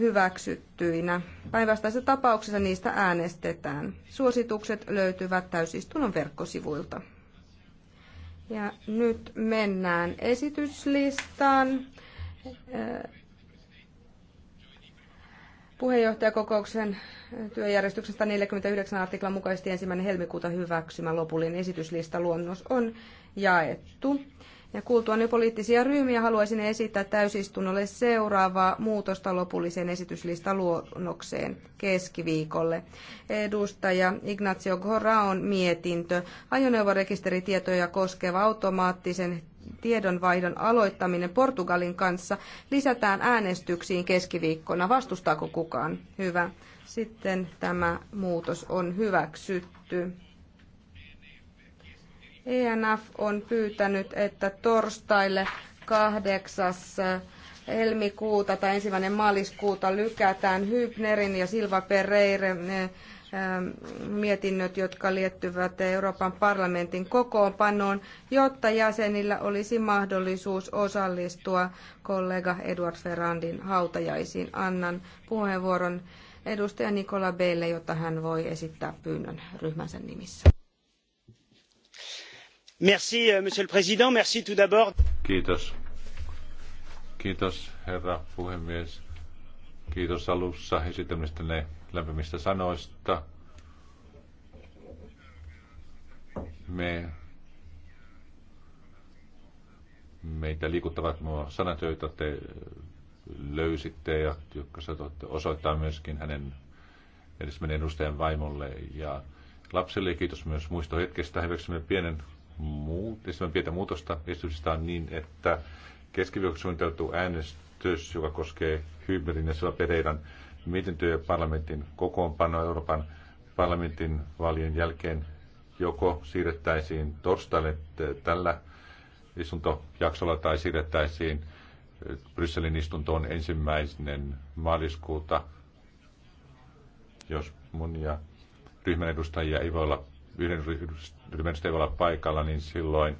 hyväksyttyinä. Päinvastaisessa tapauksessa niistä äänestetään. Suositukset löytyvät täysistunnon verkkosivuilta. Ja nyt mennään esityslistaan. Puheenjohtajakokouksen työjärjestyksestä 49 artiklan mukaisesti ensimmäinen helmikuuta hyväksymä lopullinen esityslista luonnos on jaettu. Ja kuultuani poliittisia ryhmiä haluaisin esittää täysistunnolle seuraavaa muutosta lopulliseen esityslistaluonnokseen keskiviikolle. Edustaja Ignacio Goraon mietintö. Ajoneuvorekisteritietoja koskeva automaattisen tiedonvaihdon aloittaminen Portugalin kanssa lisätään äänestyksiin keskiviikkona. Vastustaako kukaan? Hyvä. Sitten tämä muutos on hyväksytty. ENF on pyytänyt, että torstaille 8. helmikuuta tai ensimmäinen maaliskuuta lykätään Hybnerin ja Silva Pereiren eh, eh, mietinnöt, jotka liittyvät Euroopan parlamentin kokoonpanoon, jotta jäsenillä olisi mahdollisuus osallistua kollega Eduard Ferrandin hautajaisiin. Annan puheenvuoron edustaja Nikola Beille, jotta hän voi esittää pyynnön ryhmänsä nimissä. Euh, monsieur le président merci tout d'abord. kiitos. kiitos herra puhemies. Kiitos alussa esittämistänne lämpimistä sanoista. Me, meitä liikuttavat nuo sanat, joita te löysitte ja jotka saatoitte osoittaa myöskin hänen edesmenen edustajan vaimolle ja lapselle. Kiitos myös muistohetkestä. Hyväksymme pienen muut, pientä muutosta esityksestä on niin, että keskiviikko suunniteltu äänestys, joka koskee hybridin ja Sula mietintöjä ja parlamentin kokoonpanoa Euroopan parlamentin vaalien jälkeen joko siirrettäisiin torstaille tällä istuntojaksolla tai siirrettäisiin Brysselin istuntoon ensimmäinen maaliskuuta, jos monia ryhmän edustajia ei voi olla yhden ryhmän ei olla paikalla, niin silloin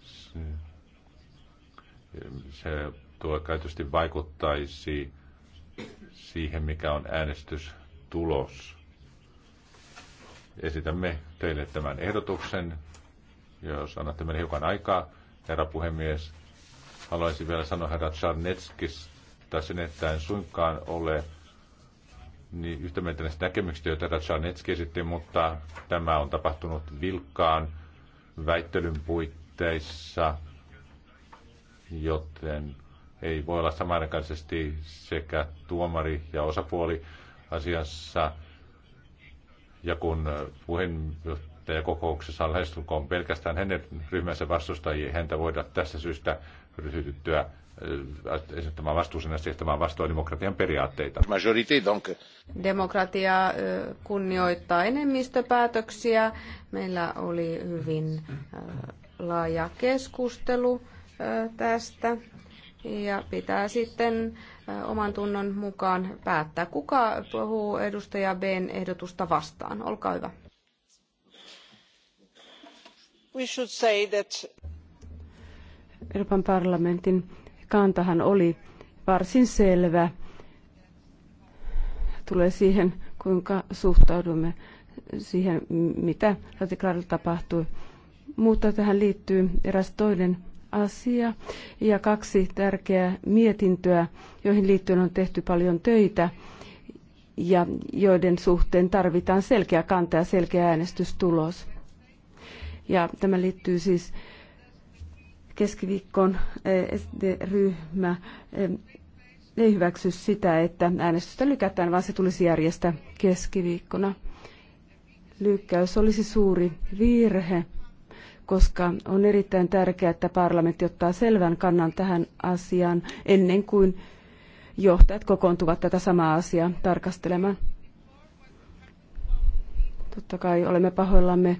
se, se tuo käytösti vaikuttaisi siihen, mikä on äänestystulos. Esitämme teille tämän ehdotuksen. Jos annatte meille hiukan aikaa, herra puhemies, haluaisin vielä sanoa herra Charnetskista sen, että en suinkaan ole niin yhtä mieltä näistä näkemyksistä, joita Ratsanetski esitti, mutta tämä on tapahtunut vilkkaan väittelyn puitteissa, joten ei voi olla samanaikaisesti sekä tuomari ja osapuoli asiassa. Ja kun puheenjohtaja kokouksessa on lähestulkoon pelkästään hänen ryhmänsä vastustajia. Häntä voida tässä syystä ryhdyttyä äh, esittämään vastuusen ja siirtämään vastoin demokratian periaatteita. Demokratia äh, kunnioittaa enemmistöpäätöksiä. Meillä oli hyvin äh, laaja keskustelu tästä ja pitää sitten oman tunnon mukaan päättää, kuka puhuu edustaja B ehdotusta vastaan. Olkaa hyvä we should say that... Euroopan parlamentin kantahan oli varsin selvä. Tulee siihen, kuinka suhtaudumme siihen, mitä Ratiklaarilla tapahtui. Mutta tähän liittyy eräs toinen asia ja kaksi tärkeää mietintöä, joihin liittyen on tehty paljon töitä ja joiden suhteen tarvitaan selkeä kanta ja selkeä äänestystulos. Ja tämä liittyy siis keskiviikkoon eh, SD-ryhmä eh, ei hyväksy sitä, että äänestystä lykätään, vaan se tulisi järjestää keskiviikkona. Lykkäys olisi suuri virhe, koska on erittäin tärkeää, että parlamentti ottaa selvän kannan tähän asiaan ennen kuin johtajat kokoontuvat tätä samaa asiaa tarkastelemaan. Totta kai olemme pahoillamme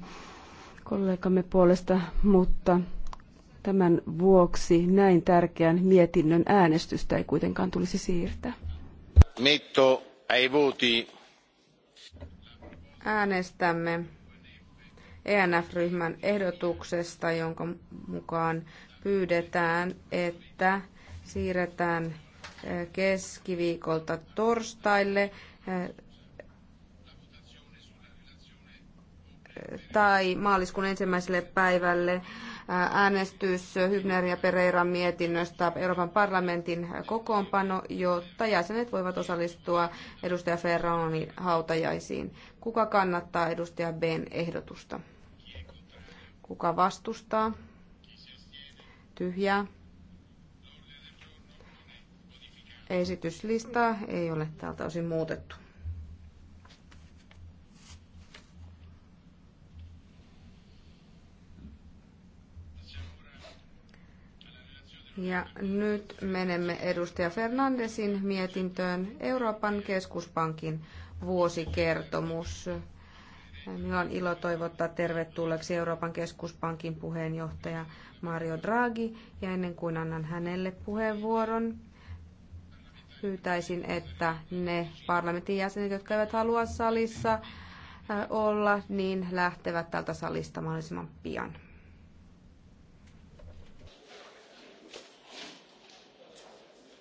kollegamme puolesta, mutta tämän vuoksi näin tärkeän mietinnön äänestystä ei kuitenkaan tulisi siirtää. Metto ai voti. Äänestämme ENF-ryhmän ehdotuksesta, jonka mukaan pyydetään, että siirretään eh, keskiviikolta torstaille eh, tai maaliskuun ensimmäiselle päivälle äänestys Hybner ja Pereiran mietinnöstä Euroopan parlamentin kokoonpano, jotta jäsenet voivat osallistua edustaja Ferronin hautajaisiin. Kuka kannattaa edustaja Ben ehdotusta? Kuka vastustaa? Tyhjää. Esityslistaa ei ole tältä osin muutettu. Ja nyt menemme edustaja Fernandesin mietintöön Euroopan keskuspankin vuosikertomus. Minulla on ilo toivottaa tervetulleeksi Euroopan keskuspankin puheenjohtaja Mario Draghi. Ja ennen kuin annan hänelle puheenvuoron, pyytäisin, että ne parlamentin jäsenet, jotka eivät halua salissa olla, niin lähtevät tältä salista mahdollisimman pian.